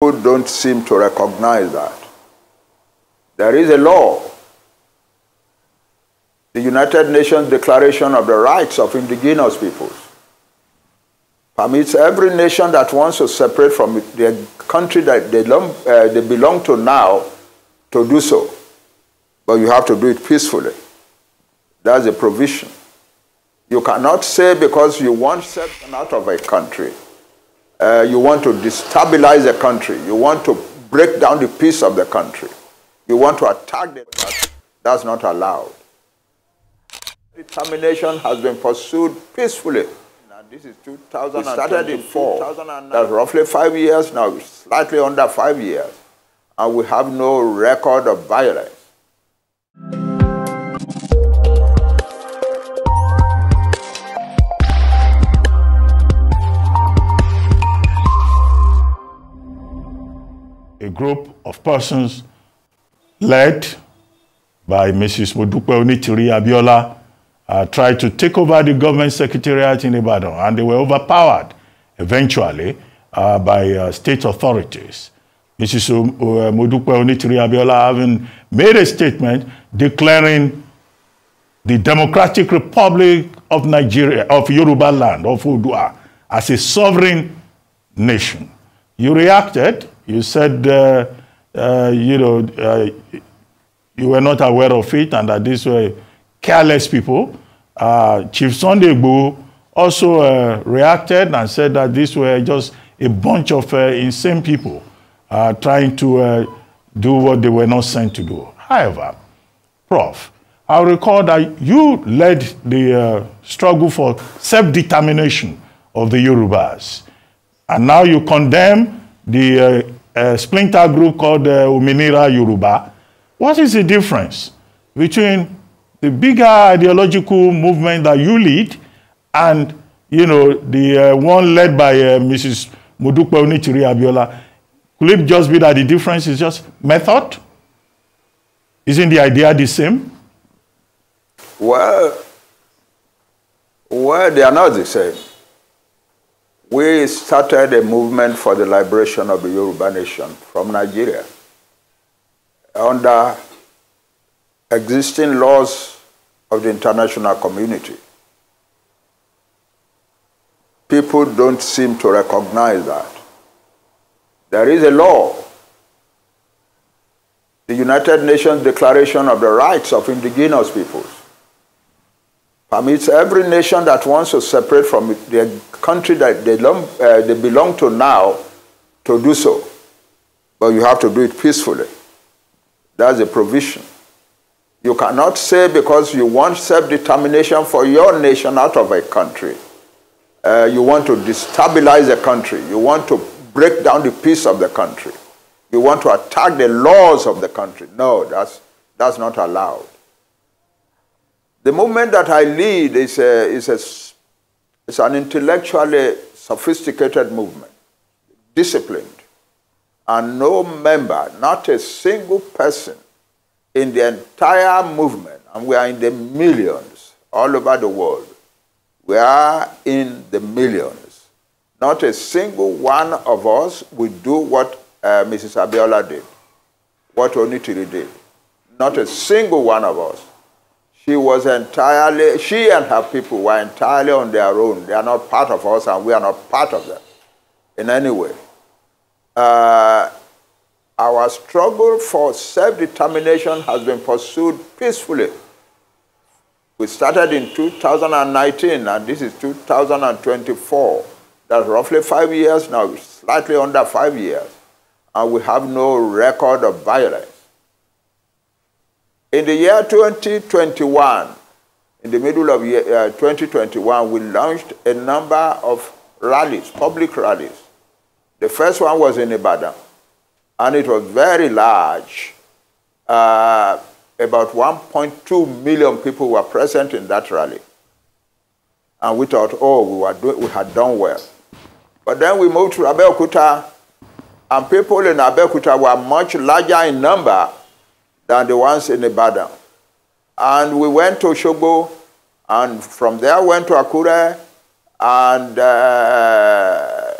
People don't seem to recognize that. There is a law. The United Nations Declaration of the Rights of Indigenous Peoples permits every nation that wants to separate from their country that they, long, uh, they belong to now to do so. But you have to do it peacefully. That's a provision. You cannot say because you want section out of a country uh, you want to destabilize the country. You want to break down the peace of the country. You want to attack the country. That's not allowed. Determination has been pursued peacefully. Now, this is two thousand and twenty-four. We started in 2009. That's roughly five years now, slightly under five years. And we have no record of violence. group of persons led by Mrs. Modupe Onitiri Abiola uh, tried to take over the government secretariat in Ibadan, and they were overpowered eventually uh, by uh, state authorities. Mrs. Uh, Modupe Onitiri Abiola having made a statement declaring the Democratic Republic of Nigeria, of Yoruba land, of Odua, as a sovereign nation. You reacted You said, uh, uh, you know, uh, you were not aware of it and that these were careless people. Uh, Chief Sunday also uh, reacted and said that these were just a bunch of uh, insane people trying to do what they were not sent to do. However, Prof, I recall that you led the struggle for self-determination of the Yorubas. And now you condemn the uh, a splinter group called uh, Ominira Yoruba. What is the difference between the bigger ideological movement that you lead and you know the uh, one led by uh, Mrs. Modupe Onitiri Abiola? Could it just be that the difference is just method? Isn't the idea the same? Well, well, they are not the same. we started a movement for the liberation of the Yoruba nation from Nigeria. Under existing laws of the international community, people don't seem to recognize that. There is a law, the United Nations Declaration of the Rights of Indigenous Peoples, um, it's every nation that wants to separate from the country that they, long, uh, they belong to now to do so. But you have to do it peacefully. That's a provision. You cannot say because you want self determination for your nation out of a country, uh, you want to destabilize a country, you want to break down the peace of the country, you want to attack the laws of the country. No, that's, that's not allowed. The movement that I lead is, a, is, a, is an intellectually sophisticated movement, disciplined. And no member, not a single person in the entire movement, and we are in the millions all over the world, we are in the millions. Not a single one of us will do what uh, Mrs. Abiola did, what Onitiri did. Not a single one of us. She was entirely, she and her people were entirely on their own. They are not part of us and we are not part of them in any way. Uh, our struggle for self-determination has been pursued peacefully. We started in 2019 and this is 2024. That's roughly five years now, slightly under five years. And we have no record of violence. In the year 2021, in the middle of year, uh, 2021, we launched a number of rallies, public rallies. The first one was in Ibadan, and it was very large. Uh, about 1.2 million people were present in that rally. And we thought, oh, we, were do- we had done well. But then we moved to Abeokuta, and people in Abeokuta were much larger in number than the ones in Ibadan. And we went to Shobo, and from there went to Akure, and uh,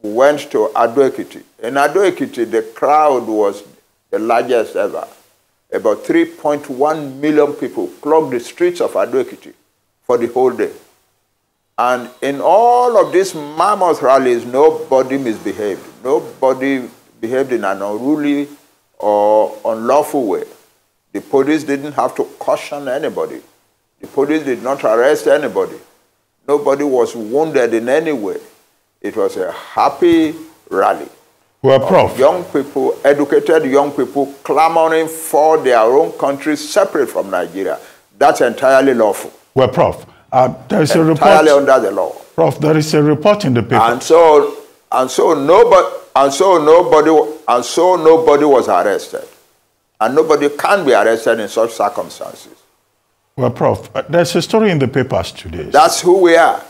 went to Adoekiti. In Adoekiti, the crowd was the largest ever. About 3.1 million people clogged the streets of Adoekiti for the whole day. And in all of these mammoth rallies, nobody misbehaved. Nobody behaved in an unruly or unlawful way. The police didn't have to caution anybody. The police did not arrest anybody. Nobody was wounded in any way. It was a happy rally. Well, uh, Prof. Young people, educated young people, clamoring for their own country separate from Nigeria. That's entirely lawful. Well, Prof. Uh, there is entirely a report. Entirely under the law. Prof, there is a report in the paper. And so, and so nobody, and so nobody and so nobody was arrested. And nobody can be arrested in such circumstances. Well, Prof, there's a story in the papers today. That's who we are.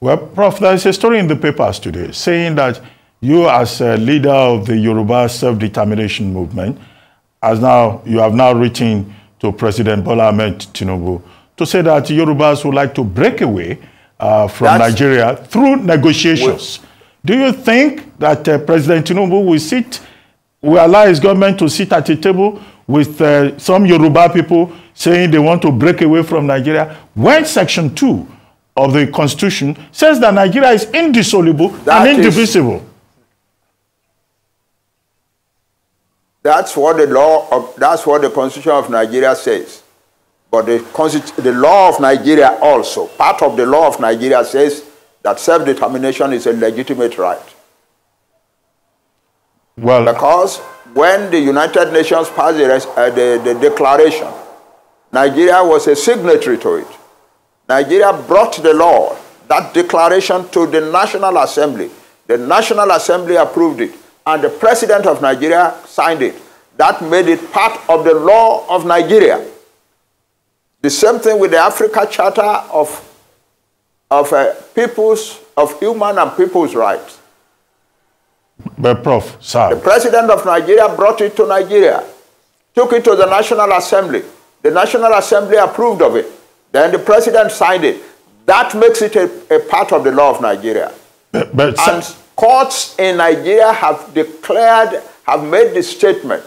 Well, Prof, there's a story in the papers today saying that you as a leader of the Yoruba self-determination movement, as now you have now written to President Bola Ahmed Tinubu to say that Yorubas would like to break away uh, from That's, Nigeria through negotiations. Do you think that uh, President Tinubu will sit, will allow his government to sit at a table with uh, some Yoruba people saying they want to break away from Nigeria when Section 2 of the Constitution says that Nigeria is indissoluble that and indivisible? Is, that's what the law of, that's what the Constitution of Nigeria says. But the, the law of Nigeria also, part of the law of Nigeria says that self-determination is a legitimate right. Well, because when the United Nations passed the, uh, the, the declaration, Nigeria was a signatory to it. Nigeria brought the law, that declaration, to the National Assembly. The National Assembly approved it, and the President of Nigeria signed it. That made it part of the law of Nigeria. The same thing with the Africa Charter of of uh, people's of human and people's rights. But Prof, sir. The president of Nigeria brought it to Nigeria, took it to the National Assembly. The National Assembly approved of it. Then the president signed it. That makes it a, a part of the law of Nigeria. But, but and courts in Nigeria have declared, have made the statement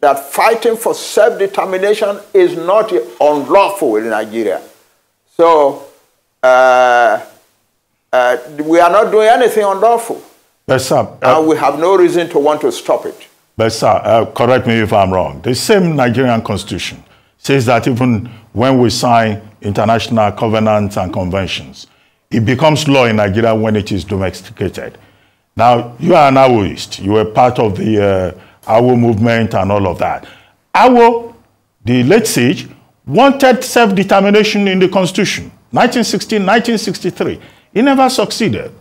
that fighting for self-determination is not unlawful in Nigeria. So uh, uh, we are not doing anything unlawful. Yes, sir. Uh, and we have no reason to want to stop it. But sir, uh, correct me if I'm wrong. The same Nigerian constitution says that even when we sign international covenants and conventions, it becomes law in Nigeria when it is domesticated. Now, you are an Awoist. You were part of the uh, Awo movement and all of that. Awo, the late sage, wanted self-determination in the constitution. 1916, 1963. He never succeeded.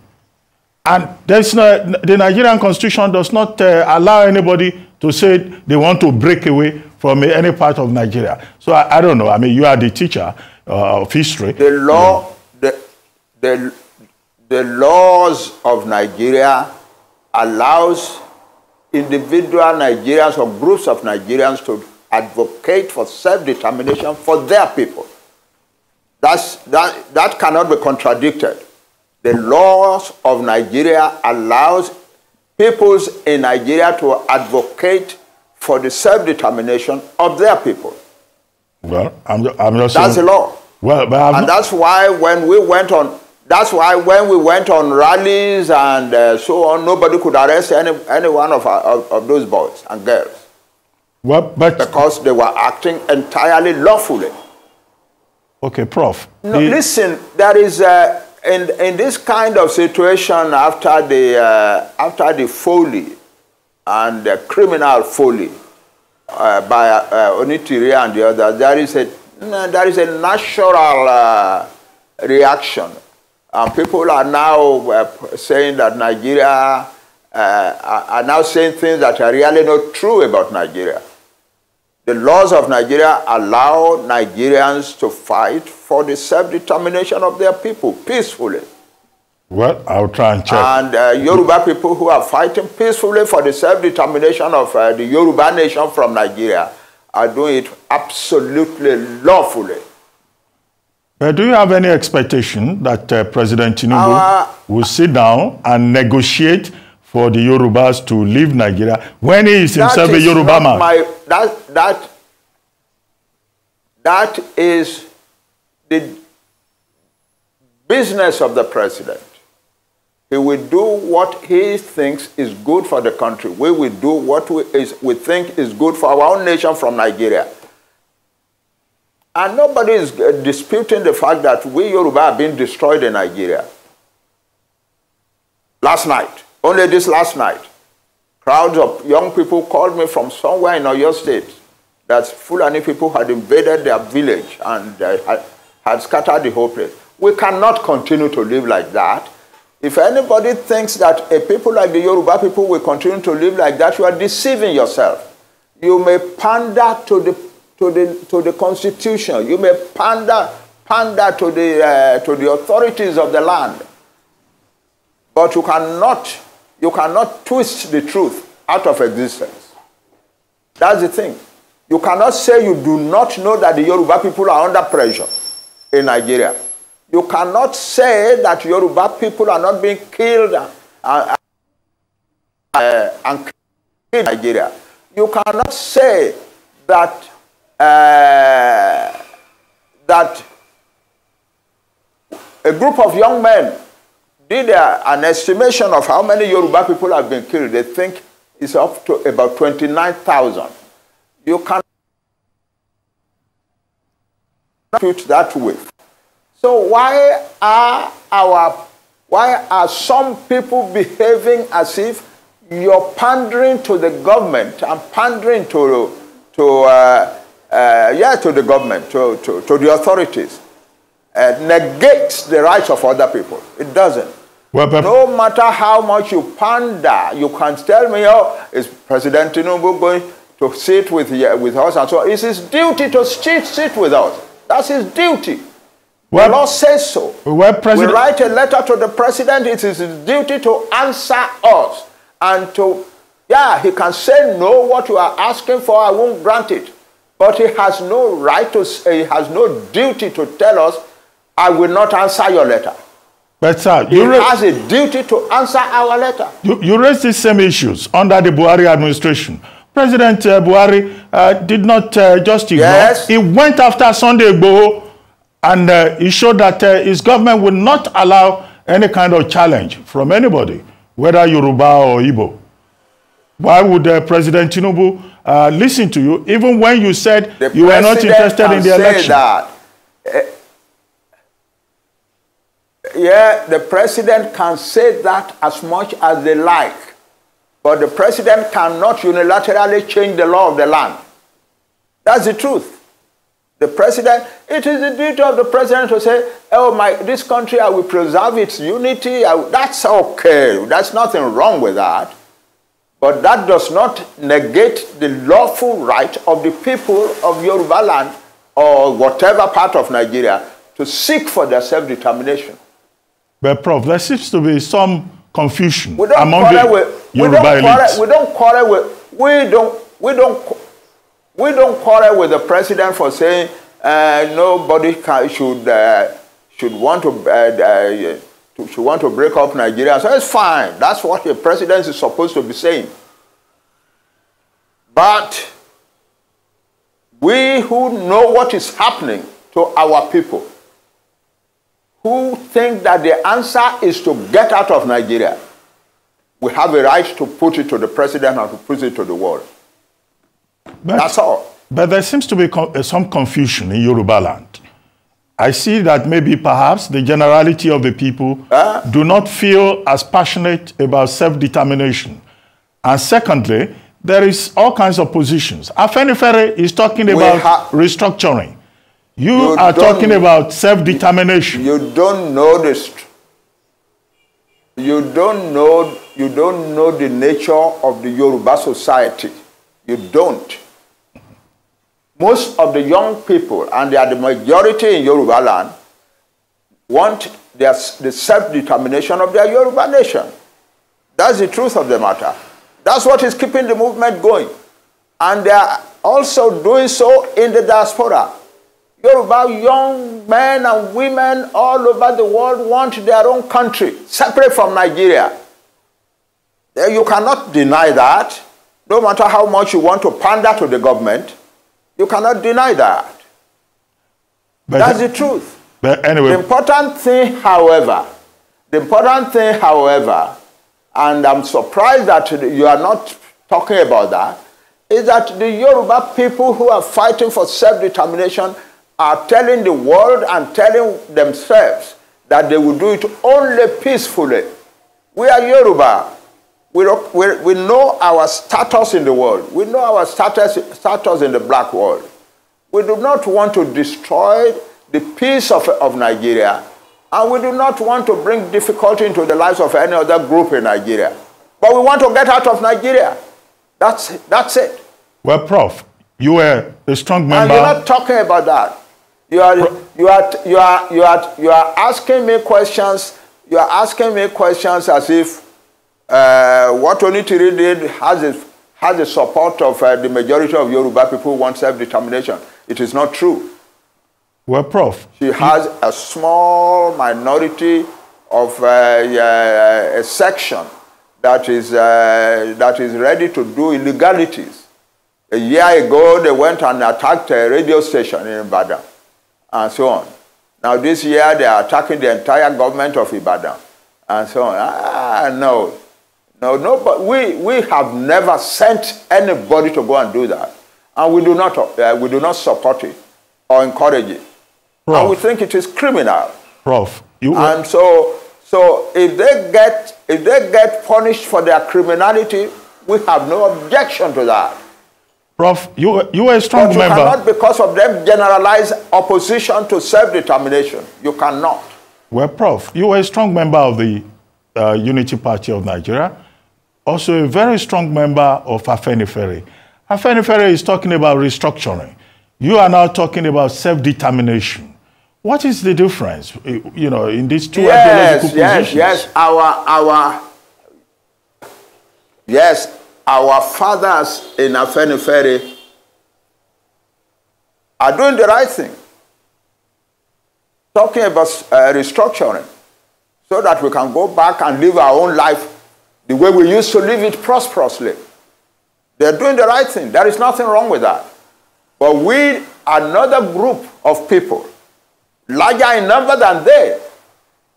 And there's no, the Nigerian constitution does not uh, allow anybody to say they want to break away from any part of Nigeria. So I, I don't know. I mean, you are the teacher uh, of history. The law, yeah. the, the, the laws of Nigeria allows individual Nigerians or groups of Nigerians to advocate for self-determination for their people. That's, that, that cannot be contradicted. The laws of Nigeria allows peoples in Nigeria to advocate for the self-determination of their people. Well, I'm, I'm not That's saying, the law. Well, but I'm and that's why when we went on, that's why when we went on rallies and uh, so on, nobody could arrest any, any one of, our, of, of those boys and girls. Well, but because they were acting entirely lawfully. Okay, Prof. No, listen, that is uh, in in this kind of situation after the uh, after the folly and the criminal folly uh, by uh, Onitiri and the others, there is a there is a natural uh, reaction, and people are now uh, saying that Nigeria uh, are now saying things that are really not true about Nigeria. The laws of Nigeria allow Nigerians to fight for the self-determination of their people peacefully. Well, I'll try and check. And uh, Yoruba people who are fighting peacefully for the self-determination of uh, the Yoruba nation from Nigeria are doing it absolutely lawfully. But do you have any expectation that uh, President Tinubu uh, will sit down and negotiate for the Yorubas to leave Nigeria when he is himself a Yoruba man. My, that, that, that is the business of the president. He will do what he thinks is good for the country. We will do what we, is, we think is good for our own nation from Nigeria. And nobody is uh, disputing the fact that we Yoruba are being destroyed in Nigeria. Last night, only this last night, crowds of young people called me from somewhere in Oyo State that Fulani people had invaded their village and had, had scattered the whole place. We cannot continue to live like that. If anybody thinks that a people like the Yoruba people will continue to live like that, you are deceiving yourself. You may pander to the to the to the constitution. You may pander pander to the uh, to the authorities of the land, but you cannot You cannot twist the truth out of existence. That's the thing. You cannot say you do not know that the Yoruba people are under pressure in Nigeria. You cannot say that Yoruba people are not being killed and, uh, and killed in Nigeria. You cannot say that uh, that a group of young men did a, uh, an estimation of how many Yoruba people have been killed. They think it's up to about 29,000. You can't put that way. So why are our why are some people behaving as if you're pandering to the government and pandering to to uh, uh, yeah to the government to to, to the authorities? Uh, negates the rights of other people. It doesn't. Well, no matter how much you pander, you can't tell me, oh, is President Tinubu going to sit with, with us? And so it's his duty to sit, sit with us. That's his duty. Well, the law says so. Well, we write a letter to the president. It is his duty to answer us. And to, yeah, he can say, no, what you are asking for, I won't grant it. But he has no right to, he has no duty to tell us, I will not answer your letter. But sir, you it has a duty to answer our letter. You, you raised the same issues under the Buhari administration. President uh, Buhari uh, did not uh, just ignore. Yes. He went after Sunday Igboho and uh, he showed that uh, his government would not allow any kind of challenge from anybody, whether Yoruba or Igbo. Why would uh, President Tinubu uh, listen to you, even when you said the you were not interested in the election? That yeah, the president can say that as much as they like, but the president cannot unilaterally change the law of the land. That's the truth. The president, it is the duty of the president to say, oh, my, this country, I will preserve its unity. that's okay. That's nothing wrong with that. But that does not negate the lawful right of the people of Yoruba land or whatever part of Nigeria to seek for their self-determination. But Prof, there seems to be some confusion we don't among quarrel the with, Yoruba we don't quarrel, We don't quarrel with we don't we don't we don't quarrel with the president for saying uh, nobody can, should uh, should want to, uh, uh, to should want to break up Nigeria. So it's fine. That's what the president is supposed to be saying. But we who know what is happening to our people who think that the answer is to get out of Nigeria, we have a right to put it to the president and to put it to the world. But, That's all. But there seems to be uh, some confusion in Yoruba land. I see that maybe perhaps the generality of the people uh, do not feel as passionate about self-determination. And secondly, there is all kinds of positions. Afenifere is talking about restructuring. You, you are talking about self-determination. You don't know this. You don't know. You don't know the nature of the Yoruba society. You don't. Most of the young people, and they are the majority in Yoruba land, want their, the self-determination of their Yoruba nation. That's the truth of the matter. That's what is keeping the movement going. And they are also doing so in the diaspora. Yoruba young men and women all over the world want their own country, separate from Nigeria. Eh, you cannot deny that. No matter how much you want to pander to the government, you cannot deny that. But That's the truth. But anyway. The important thing, however, the important thing, however, and I'm surprised that you are not talking about that, is that the Yoruba people who are fighting for self-determination are telling the world and telling themselves that they will do it only peacefully. We are Yoruba. We, we, we know our status in the world. We know our status, status in the black world. We do not want to destroy the peace of, of Nigeria. And we do not want to bring difficulty into the lives of any other group in Nigeria. But we want to get out of Nigeria. That's, that's it. Well, Prof, you were a strong member. And you're not talking about that. You are, you are, you are, you are, you are asking me questions. You are asking me questions as if uh, what Onitiri did has a, has the support of uh, the majority of Yoruba people want self-determination. It is not true. Well, Prof. She has a small minority of uh, a, a section that is, uh, that is ready to do illegalities. A year ago, they went and attacked a radio station in Ibadan and so on. Now this year they are attacking the entire government of Ibadan and so on. Ah, no. No, no, but we, we have never sent anybody to go and do that. And we do not, uh, we do not support it or encourage it. Prof. And we think it is criminal. Prof. You and so, so if, they get, if they get punished for their criminality, we have no objection to that. Prof, you, you were a strong but you member. You cannot, because of them, generalize opposition to self determination. You cannot. Well, Prof, you were a strong member of the uh, Unity Party of Nigeria, also a very strong member of Afenifere. Afenifere is talking about restructuring. You are now talking about self determination. What is the difference, eh, you know, in these two yes, ideological yes, positions? Yes, yes, our, our, yes, our fathers in Afenifere are doing the right thing, talking about uh, restructuring so that we can go back and live our own life the way we used to live it prosperously. They're doing the right thing. There is nothing wrong with that. But we, another group of people, larger in number than they,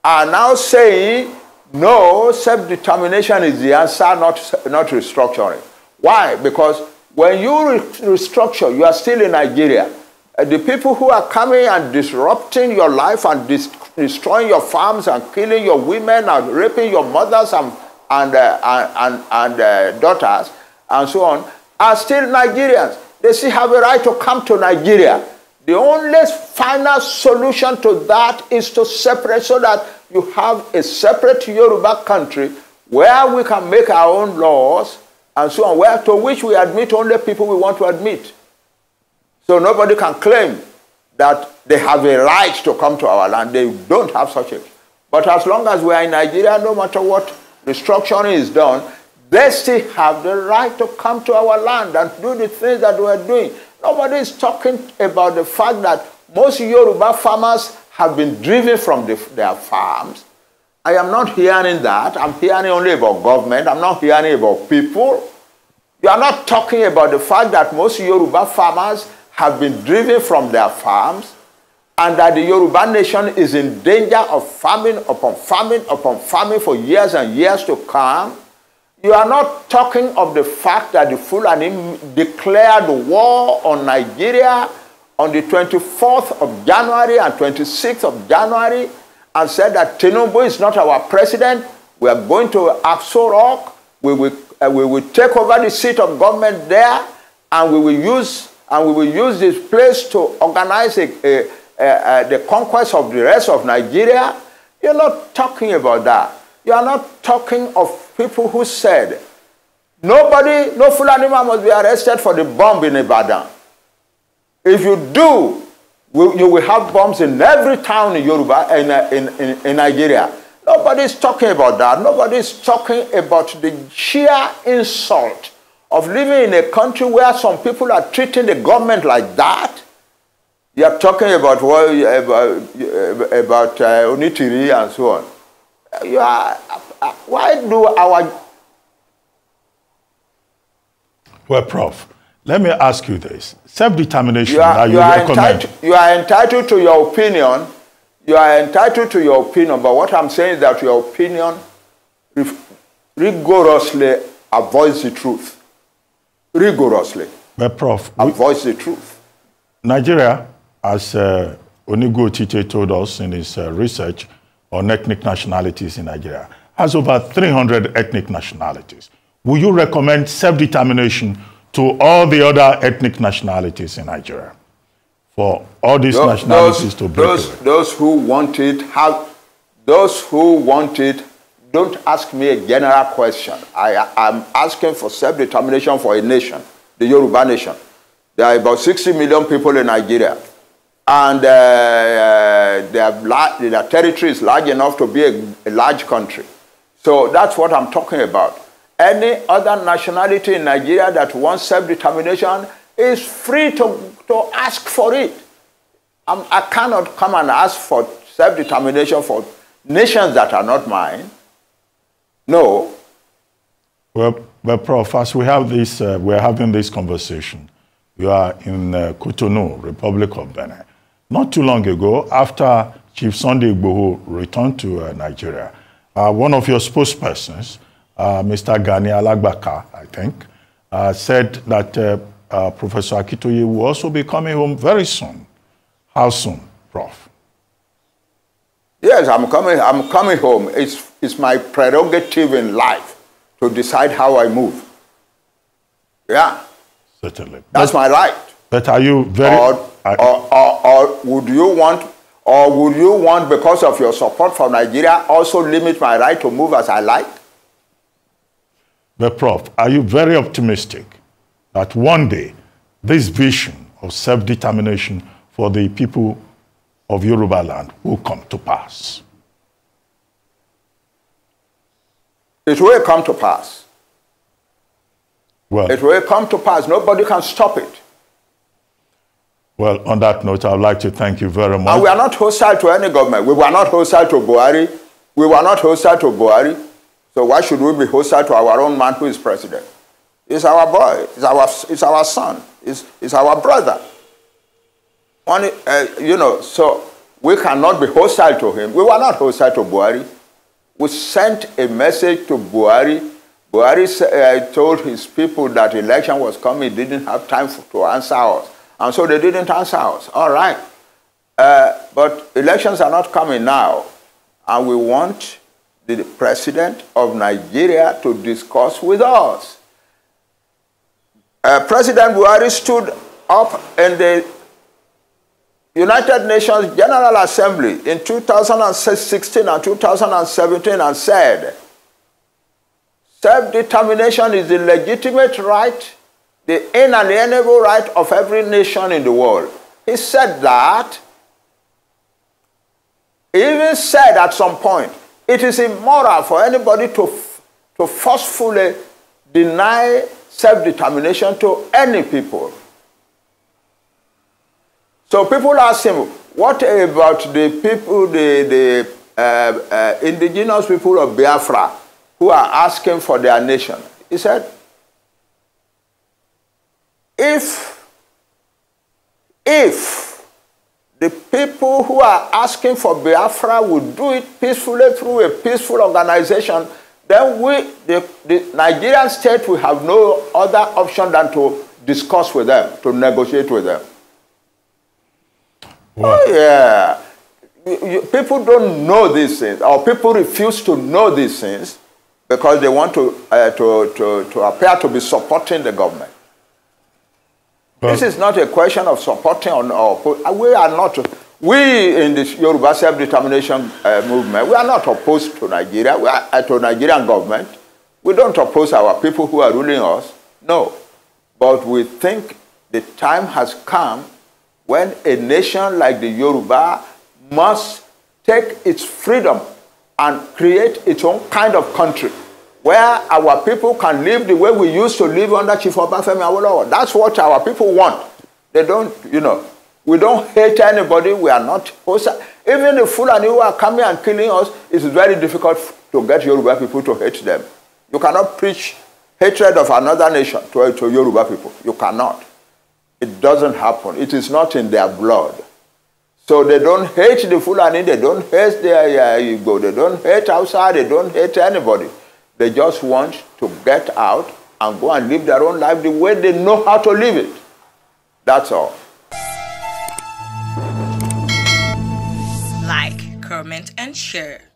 are now saying No, self-determination is the answer, not, not restructuring. Why? Because when you re restructure, you are still in Nigeria. Uh, the people who are coming and disrupting your life and destroying your farms and killing your women and raping your mothers and, and, uh, and, and uh, daughters and so on are still Nigerians. They still have a right to come to Nigeria. The only final solution to that is to separate so that you have a separate Yoruba country where we can make our own laws and so on, where, to which we admit only people we want to admit. So nobody can claim that they have a right to come to our land. They don't have such a. But as long as we are in Nigeria, no matter what destruction is done, they still have the right to come to our land and do the things that we are doing. Nobody is talking about the fact that most Yoruba farmers have been driven from the, their farms. I am not hearing that. I'm hearing only about government. I'm not hearing about people. You are not talking about the fact that most Yoruba farmers have been driven from their farms and that the Yoruba nation is in danger of famine upon famine upon famine for years and years to come. You are not talking of the fact that the Fulani declared war on Nigeria on the 24th of January and 26th of January and said that Tinubu is not our president. We are going to Axo Rock. We will, uh, we will take over the seat of government there and we will use and we will use this place to organize a, a, a, the conquest of the rest of Nigeria. You're not talking about that. You are not talking of people who said, nobody, no Fulani man must be arrested for the bomb in Ibadan. If you do, you will have bombs in every town in Yoruba, in, in, in, in Nigeria. talking about that. Nobody is talking about the sheer insult of living in a country where some people are treating the government like that. You are talking about, well, about, about uh, Onitiri and so on. you are, uh, uh, why do our... Well, Prof, let me ask you this. Self-determination that you, you recommend... you are entitled to your opinion. You are entitled to your opinion, but what I'm saying is that your opinion rigorously avoids the truth. Rigorously. Well, Prof... Avoids we, the truth. Nigeria, as uh, Onigo Tite told us in his uh, research, on ethnic nationalities in Nigeria has over 300 ethnic nationalities. Will you recommend self-determination to all the other ethnic nationalities in Nigeria for all these those, nationalities to break those, away? Those who want it have, those who want it, don't ask me a general question. I am asking for self-determination for a nation, the Yoruba nation. There are about 60 million people in Nigeria. and uh, uh their, their territory is large enough to be a, a large country. So that's what I'm talking about. Any other nationality in Nigeria that wants self-determination is free to, to ask for it. I'm, I cannot come and ask for self-determination for nations that are not mine. No. Well, well Prof, as we have this, uh, we're having this conversation. You are in uh, Cotonou, Republic of Benin. Not too long ago, after Chief Sunday Buhu returned to uh, Nigeria, uh, one of your spokespersons, uh, Mr. Gani Alagbaka, I think, uh, said that uh, uh, Professor Akitoye will also be coming home very soon. How soon, Prof? Yes, I'm coming, I'm coming home. It's, it's my prerogative in life to decide how I move. Yeah. Certainly. That's but, my right. But are you very or, are, or, or, or would you want or would you want because of your support for Nigeria also limit my right to move as I like? But Prof, are you very optimistic that one day this vision of self-determination for the people of Yoruba land will come to pass? It will come to pass. Well, it will come to pass. Nobody can stop it. Well, on that note, I'd like to thank you very much. And we are not hostile to any government. We were not hostile to Buhari. We were not hostile to Buhari. So why should we be hostile to our own man who is president? It's our boy. It's our, it's our son. It's, it's our brother. Only, uh, you know, so we cannot be hostile to him. We were not hostile to Buhari. We sent a message to Buhari. Buhari uh, told his people that election was coming. He didn't have time for, to answer us. And so they didn't answer us. All right. Uh, but elections are not coming now. And we want the president of Nigeria to discuss with us. Uh, president Buhari stood up in the United Nations General Assembly in 2016 and 2017 and said, self-determination is a legitimate right the inalienable right of every nation in the world. He said that. He even said at some point, it is immoral for anybody to, to forcefully deny self determination to any people. So people ask him, what about the people, the, the uh, uh, indigenous people of Biafra who are asking for their nation? He said, if if the people who are asking for Biafra would do it peacefully through a peaceful organization, then we, the, the Nigerian state, will have no other option than to discuss with them, to negotiate with them. Wow. Oh, yeah. You, you, people don't know these things, or people refuse to know these things because they want to, uh, to, to, to appear to be supporting the government this is not a question of supporting or not. Uh, we are not, we in the Yoruba self-determination uh, movement, we are not opposed to Nigeria, we are uh, to Nigerian government. We don't oppose our people who are ruling us, no. But we think the time has come when a nation like the Yoruba must take its freedom and create its own kind of country where our people can live the way we used to live under Chief Obafemi Awolowo. That's what our people want. They don't, you know, we don't hate anybody. We are not Even the Fulani who are coming and killing us, it's very difficult to get Yoruba people to hate them. You cannot preach hatred of another nation to, to Yoruba people. You cannot. It doesn't happen. It is not in their blood. So they don't hate the Fulani, they don't hate their uh, Igbo, they don't hate outside, they don't hate anybody. They just want to get out and go and live their own life the way they know how to live it. That's all. Like, comment, and share.